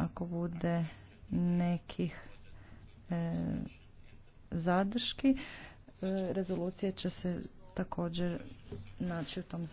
ako bude nekih e, zadrški, e, rezolucije će se također naći u tom